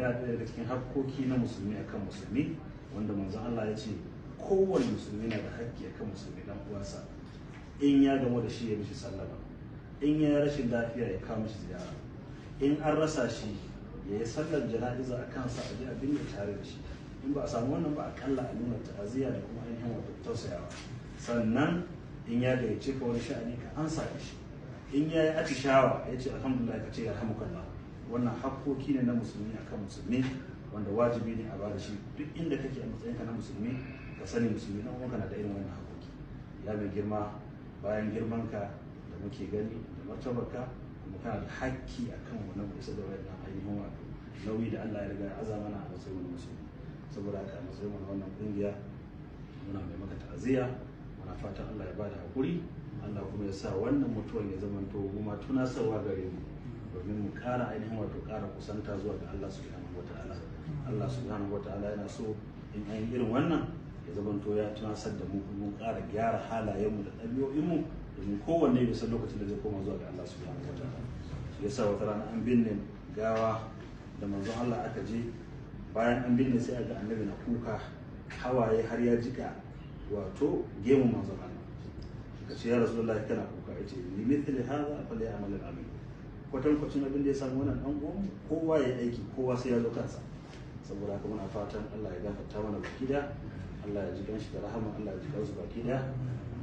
yana ɗaya daga cikin hakkoki na musulmi akan musulmi wanda manzo Allah ya ce kowane musulmi na da hakki akan musulmi dan uwansa in ya gamu da shi ya mishi sallama in ya rashin lafiya ya kawo mishi ziyara in an rasa shi ya yi sallar jana'iza a kansa a ji abin da tare da shi in ba a samu wannan ba akalla a nuna ta'aziyya da kuma ainihin wato tausayawa sannan in ya gayyace ka wani sha'ani ka ansa ka shi in ya yi atishawa ya ce alhamdulillah ka ce ya wannan hakkoki ne na musulmi akan musulmi wanda wajibi ne a bada shi duk inda kake a matsayinka na musulmi ka sani musulmi na uwanka na da irin wannan hakkoki ya mai girma bayan girman ka da muke gani da ka kuma kana da hakki akan wannan mai isa da wannan ainihin wato nauyi da Allah ya riga ya azama na a matsayin musulmi saboda haka a matsayin wannan kungiya muna mai maka ta'aziyya muna fatan Allah ya bada hakuri Allah kuma ya sa wannan mutuwan ya zamanto kuma tunasarwa gare mu domin mu kara ainihin wato kara kusanta zuwa ga Allah subhanahu wataala Allah subhanahu wataala yana so in an irin wannan ya zamanto ya tunasar da mu mu kara gyara mu da ɗabi'o'inmu domin kowanne bisa lokacin da zai koma zuwa ga Allah subhanahu wataala shi yasa wata rana an binne gawa da manzon Allah aka je bayan an binne sai ga annabi na kuka hawaye har ya jika wato gemu manzon Allah kace ya rasulullahi kana kuka ce ni mithli hadha fali amal al-amin kwatankwacin abin da ya samu wannan dan gomu kowa ya aiki kowa sai ya zo kansa saboda haka muna fatan Allah ya gafarta mana baki da Allah ya ji shi da rahama Allah ya ji su baki da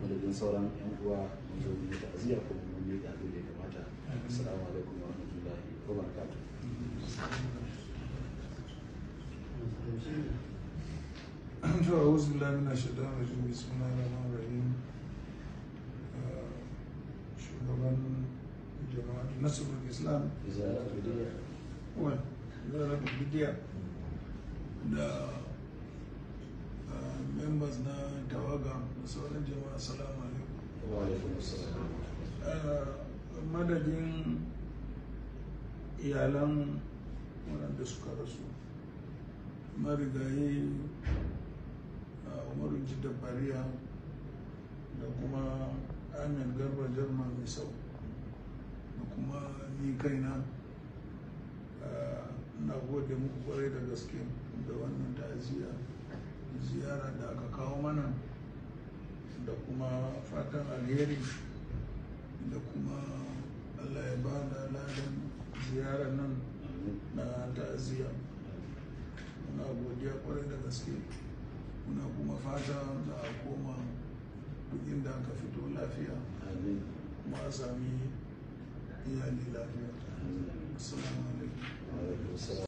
madadin sauran yan uwa mun zo mu da aziya ko mun yi da abin da ya kamata assalamu alaikum wa rahmatullahi wa barakatuh to a'udhu billahi minash shaitanir rajim bismillahir rahmanir rahim uh, shugaban jama'a nasu الإسلام هو زارة البديع da uh, members na tawaga da sauran jama'a uh, iyalan waɗanda suka rasu marigayi uh, umaru da kuma amin garba jarma mai sau da kuma kaina eh, na gode muku kwarai da gaske da wannan ta'aziyya ziyara da aka kawo mana da kuma fatan alheri da kuma allah ya ba da ladan ziyarar nan na ta'aziyya muna godiya kwarai da gaske muna kuma fata za a koma duk inda aka fito lafiya kuma a sami يا لله السلام عليكم وعليكم